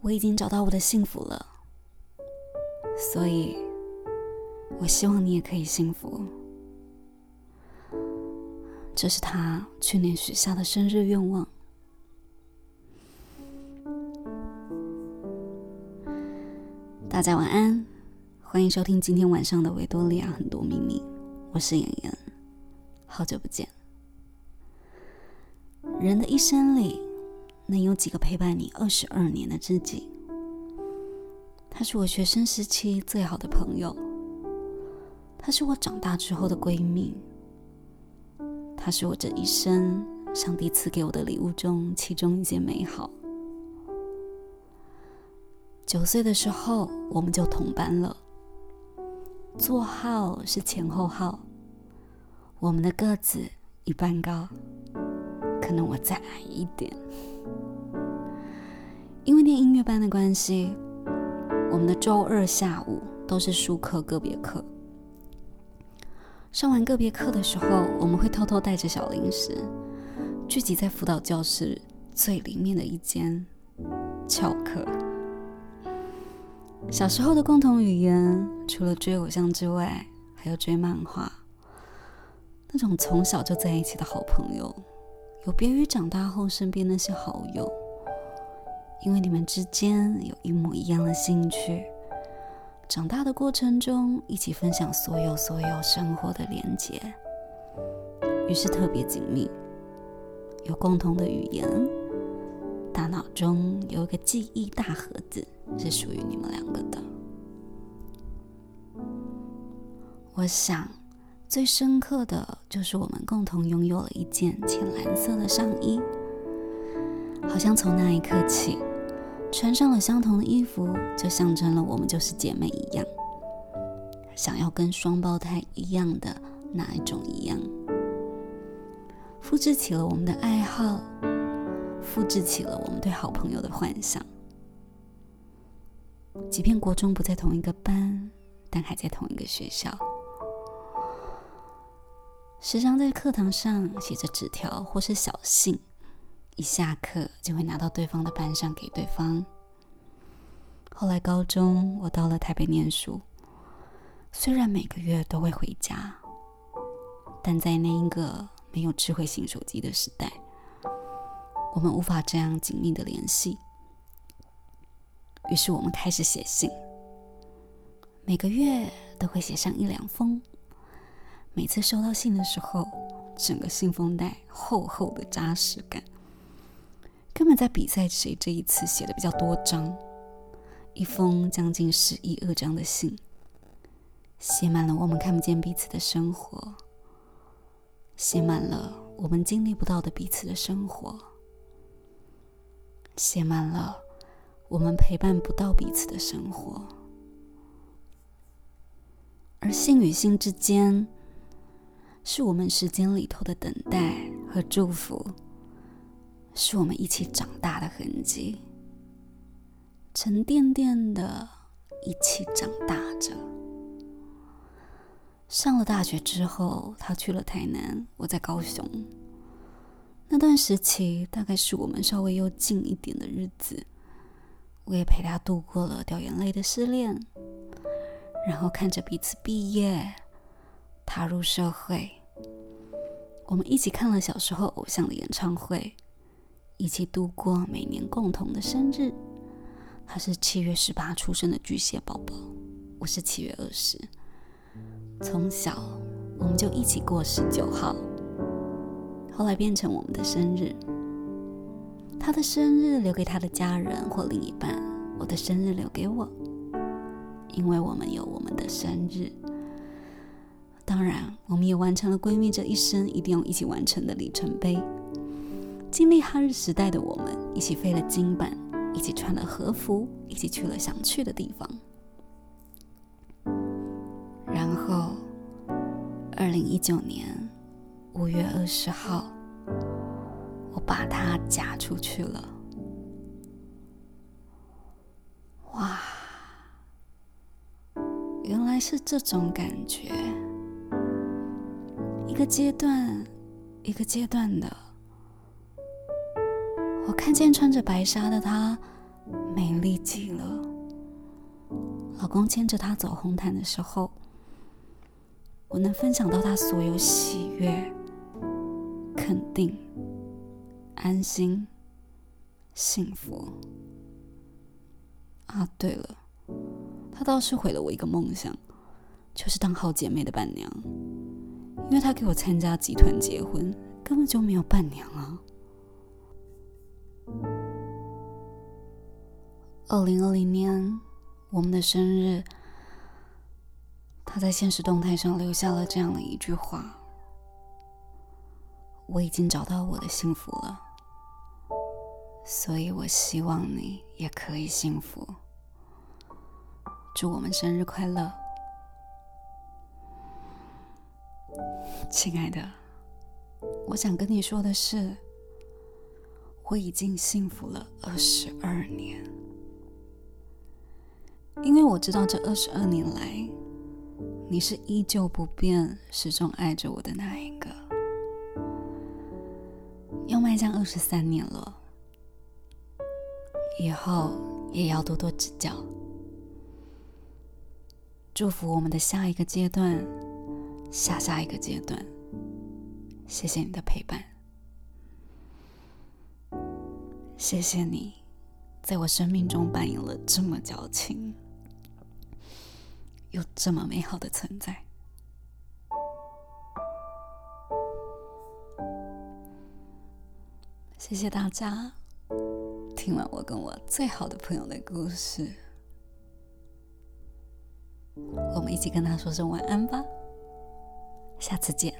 我已經找到我的幸福了，所以，我希望你也可以幸福。這是她去年許下的生日願望。大家晚安，歡迎收聽今天晚上的《維多莉亞很多秘密》，我是言言，好久不見。人的一生裡，能有幾個陪伴你二十二年的知己？她是我學生時期最好的朋友，她是我長大之後的閨蜜，她是我這一生上帝賜給我的禮物中其中一件美好。九歲的時候我們就同班了，座號是前後號，我們的個子一般高，可能我再矮一點。因為念音樂班的關係，我們的周二下午都是術科個別課。上完個別課的時候，我們會偷偷帶着小零食，聚集在輔導教室最裡面的一間翹課。小時候的共同語言，除了追偶像之外，還有追漫畫。那種從小就在一起的好朋友，有別於長大後身邊那些好友。因為你們之間有一模一樣的興趣，長大的過程中一起分享所有所有生活的連結，於是特別緊密，有共同的語言，大腦中有一個記憶大盒子是屬於你們兩個的。我想最深刻的就是我們共同擁有了一件淺藍色的上衣。好像從那一刻起，穿上了相同的衣服，就象徵了我們就是姐妹一樣。想要跟雙胞胎一樣的那一種一樣，複製起了我們的愛好，複製起了我們對好朋友的幻想。即便國中不在同一個班，但還在同一個學校，時常在課堂上寫着紙條或是小信。一下課就會拿到對方的班上給對方。後來高中我到了台北念書，雖然每個月都會回家，但在那一個沒有智慧型手機的時代，我們無法這樣緊密的聯繫。於是我們開始寫信，每個月都會寫上一兩封。每次收到信的時候，整個信封袋厚厚的扎實感。根本在比賽誰這一次寫的比較多張，一封將近十一二張的信，寫滿了我們看不見彼此的生活，寫滿了我們經歷不到的彼此的生活，寫滿了我們陪伴不到彼此的生活，而信與信之間，是我們時間裡頭的等待和祝福。是我們一起長大的痕跡，沉甸甸的，一起長大着。上了大學之後，她去了台南，我在高雄。那段時期，大概是我們稍微又近一點的日子。我也陪她度過了掉眼淚的失戀，然後看着彼此畢業，踏入社會。我們一起看了小時候偶像的演唱會。一起度過每年共同的生日。她是七月十八出生的巨蟹寶寶，我是七月二十。從小我們就一起過十九號，後來變成我們的生日。她的生日留給她的家人或另一半，我的生日留給我，因為我們有我們的生日。當然，我們也完成了閨蜜這一生一定要一起完成的里程碑。經歷哈日時代的我們，一起飛了京阪，一起穿了和服，一起去了想去的地方。然後，二零一九年五月二十號，我把她嫁出去了。哇，原來是這種感覺，一個階段一個階段的。我看見穿着白紗的她，美麗極了。老公牽着她走紅毯的時候，我能分享到她所有喜悅、肯定、安心、幸福。啊，對了，她倒是毀了我一個夢想，就是當好姐妹的伴娘，因為她給我參加集團結婚，根本就沒有伴娘啊。二零二零年，我們的生日，她在限時動態上留下了這樣的一句話：“我已經找到我的幸福了，所以我希望你也可以幸福。祝我們生日快樂，親愛的。我想跟你說的是，我已經幸福了二十二年。”因為我知道這二十二年來，你是依舊不變、始終愛着我的那一個。要邁向二十三年了，以後也要多多指教。祝福我們的下一個階段、下下一個階段。謝謝你的陪伴，謝謝你在我生命中扮演了這麼矯情。就這麼美好的存在。謝謝大家聽完我跟我最好的朋友的故事，我們一起跟他說聲晚安吧，下次見。